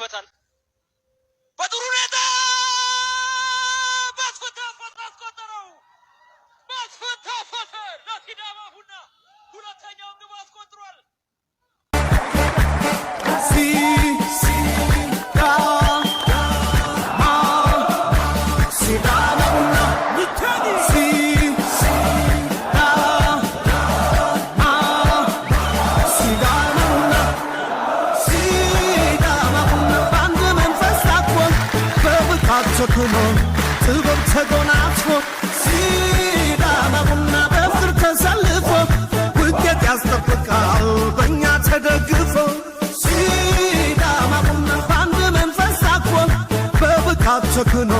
በታል በጥሩ ሁኔታ በስፍታፈት አስቆጠረው። በስፍታፈት ለሲዳማ ቡና ሁለተኛውን ግብ አስቆጥሯል። ተክሎ ጥበብ ተጎናጽፎ ሲዳማ ቡና በፍቅር ተሰልፎ ውጤት ያስጠብቃል በእኛ ተደግፎ ሲዳማ ቡና በአንድ መንፈስ አቅፎ በብቃት ተክሎ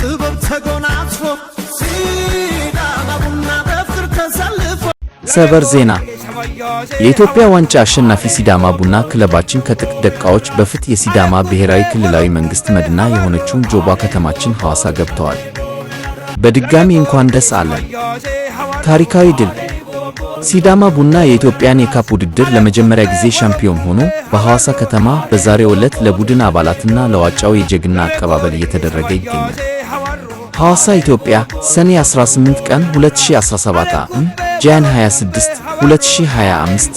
ጥበብ ተጎናጽፎ ሲዳማ ቡና በፍቅር ተሰልፎ ሰበር ዜና የኢትዮጵያ ዋንጫ አሸናፊ ሲዳማ ቡና ክለባችን ከጥቂት ደቂቃዎች በፊት የሲዳማ ብሔራዊ ክልላዊ መንግስት መዲና የሆነችውን ጆባ ከተማችን ሐዋሳ ገብተዋል። በድጋሚ እንኳን ደስ አለን! ታሪካዊ ድል! ሲዳማ ቡና የኢትዮጵያን የካፕ ውድድር ለመጀመሪያ ጊዜ ሻምፒዮን ሆኖ በሐዋሳ ከተማ በዛሬው ዕለት ለቡድን አባላትና ለዋጫው የጀግና አቀባበል እየተደረገ ይገኛል። ሐዋሳ ኢትዮጵያ ሰኔ 18 ቀን 2017 ዓ.ም ጃን 26 2025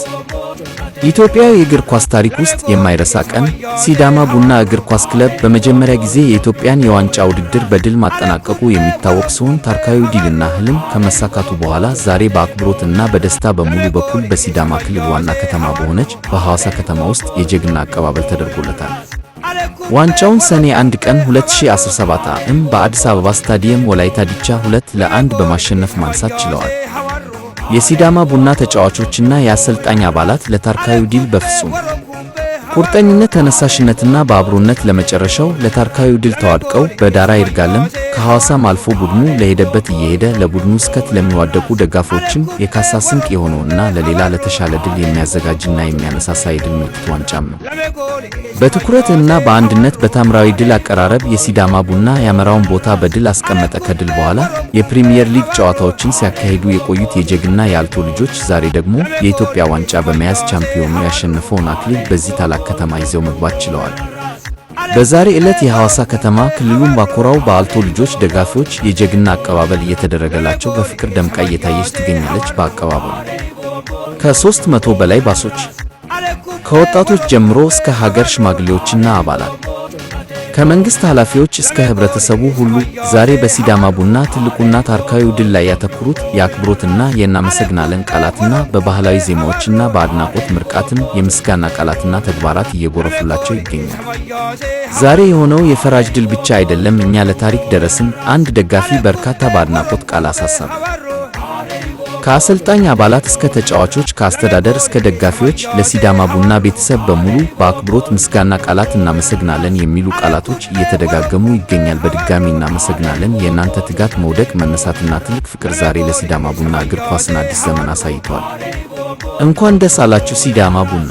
ኢትዮጵያ የእግር ኳስ ታሪክ ውስጥ የማይረሳ ቀን። ሲዳማ ቡና እግር ኳስ ክለብ በመጀመሪያ ጊዜ የኢትዮጵያን የዋንጫ ውድድር በድል ማጠናቀቁ የሚታወቅ ሲሆን ታሪካዊ ድልና ህልም ከመሳካቱ በኋላ ዛሬ በአክብሮት እና በደስታ በሙሉ በኩል በሲዳማ ክልል ዋና ከተማ በሆነች በሐዋሳ ከተማ ውስጥ የጀግና አቀባበል ተደርጎለታል። ዋንጫውን ሰኔ 1 ቀን 2017 ዓ.ም በአዲስ አበባ ስታዲየም ወላይታ ዲቻ ሁለት ለአንድ በማሸነፍ ማንሳት ችለዋል። የሲዳማ ቡና ተጫዋቾችና የአሰልጣኝ አባላት ለታርካዩ ድል በፍጹም ቁርጠኝነት፣ ተነሳሽነትና በአብሮነት ለመጨረሻው ለታርካዩ ድል ተዋድቀው በዳራ ይርጋለም ከሐዋሳም አልፎ ቡድኑ ለሄደበት እየሄደ ለቡድኑ ስከት ለሚዋደቁ ደጋፎችም የካሳ ስንቅ እና ለሌላ ለተሻለ ድል የሚያዘጋጅና የሚያነሳሳ የድል ምልክት ዋንጫም ነው። በትኩረት እና በአንድነት በታምራዊ ድል አቀራረብ የሲዳማ ቡና ያመራውን ቦታ በድል አስቀመጠ። ከድል በኋላ የፕሪሚየር ሊግ ጨዋታዎችን ሲያካሂዱ የቆዩት የጀግና የአልቶ ልጆች ዛሬ ደግሞ የኢትዮጵያ ዋንጫ በመያዝ ቻምፒዮኑ ያሸነፈውን አክሊል በዚህ ታላቅ ከተማ ይዘው መግባት ችለዋል። በዛሬ ዕለት የሐዋሳ ከተማ ክልሉን ባኮራው በአልቶ ልጆች ደጋፊዎች የጀግና አቀባበል እየተደረገላቸው በፍቅር ደምቃ እየታየች ትገኛለች። በአቀባበሉ ከሦስት መቶ በላይ ባሶች ከወጣቶች ጀምሮ እስከ ሀገር ሽማግሌዎችና አባላት ከመንግስት ኃላፊዎች እስከ ህብረተሰቡ ሁሉ ዛሬ በሲዳማ ቡና ትልቁና ታሪካዊው ድል ላይ ያተኩሩት የአክብሮትና የእናመሰግናለን ቃላትና በባህላዊ ዜማዎችና በአድናቆት ምርቃትም የምስጋና ቃላትና ተግባራት እየጎረፉላቸው ይገኛል። ዛሬ የሆነው የፈራጅ ድል ብቻ አይደለም። እኛ ለታሪክ ደረስን። አንድ ደጋፊ በርካታ በአድናቆት ቃል አሳሰበ። ከአሰልጣኝ አባላት እስከ ተጫዋቾች፣ ከአስተዳደር እስከ ደጋፊዎች ለሲዳማ ቡና ቤተሰብ በሙሉ በአክብሮት ምስጋና ቃላት እናመሰግናለን የሚሉ ቃላቶች እየተደጋገሙ ይገኛል። በድጋሚ እናመሰግናለን። የእናንተ ትጋት፣ መውደቅ፣ መነሳትና ትልቅ ፍቅር ዛሬ ለሲዳማ ቡና እግር ኳስን አዲስ ዘመን አሳይተዋል። እንኳን ደስ አላችሁ ሲዳማ ቡና!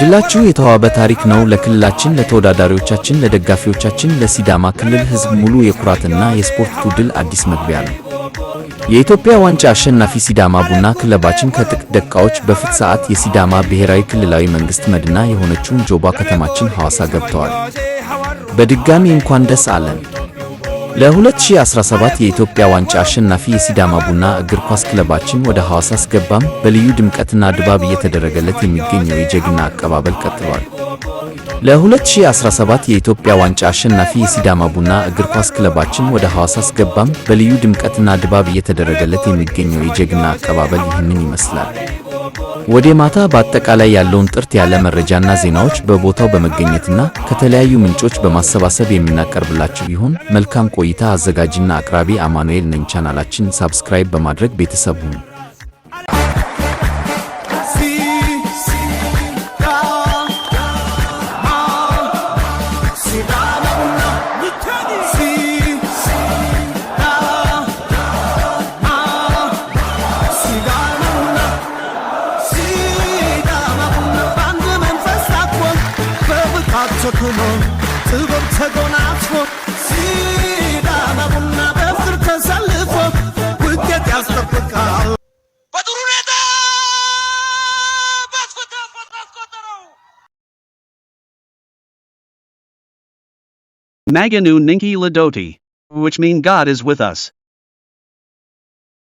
ድላችሁ የተዋበ ታሪክ ነው። ለክልላችን፣ ለተወዳዳሪዎቻችን፣ ለደጋፊዎቻችን፣ ለሲዳማ ክልል ሕዝብ ሙሉ የኩራትና የስፖርቱ ድል አዲስ መግቢያ ነው። የኢትዮጵያ ዋንጫ አሸናፊ ሲዳማ ቡና ክለባችን ከጥቂት ደቂቃዎች በፊት ሰዓት የሲዳማ ብሔራዊ ክልላዊ መንግስት መዲና የሆነችውን ጆባ ከተማችን ሐዋሳ ገብተዋል። በድጋሚ እንኳን ደስ አለን። ለ2017 የኢትዮጵያ ዋንጫ አሸናፊ የሲዳማ ቡና እግር ኳስ ክለባችን ወደ ሐዋሳ አስገባም በልዩ ድምቀትና ድባብ እየተደረገለት የሚገኘው የጀግና አቀባበል ቀጥሏል። ለ2017 የኢትዮጵያ ዋንጫ አሸናፊ የሲዳማ ቡና እግር ኳስ ክለባችን ወደ ሐዋሳ አስገባም በልዩ ድምቀትና ድባብ እየተደረገለት የሚገኘው የጀግና አቀባበል ይህንን ይመስላል። ወደ ማታ በአጠቃላይ ያለውን ጥርት ያለ መረጃና ዜናዎች በቦታው በመገኘትና ከተለያዩ ምንጮች በማሰባሰብ የምናቀርብላችሁ ይሆን። መልካም ቆይታ። አዘጋጅና አቅራቢ አማኑኤል ነኝ። ቻናላችን ሳብስክራይብ በማድረግ ቤተሰብ ሁኑ። 그놈 뜨겁 Maganu Ninki Ladoti, which mean God is with us.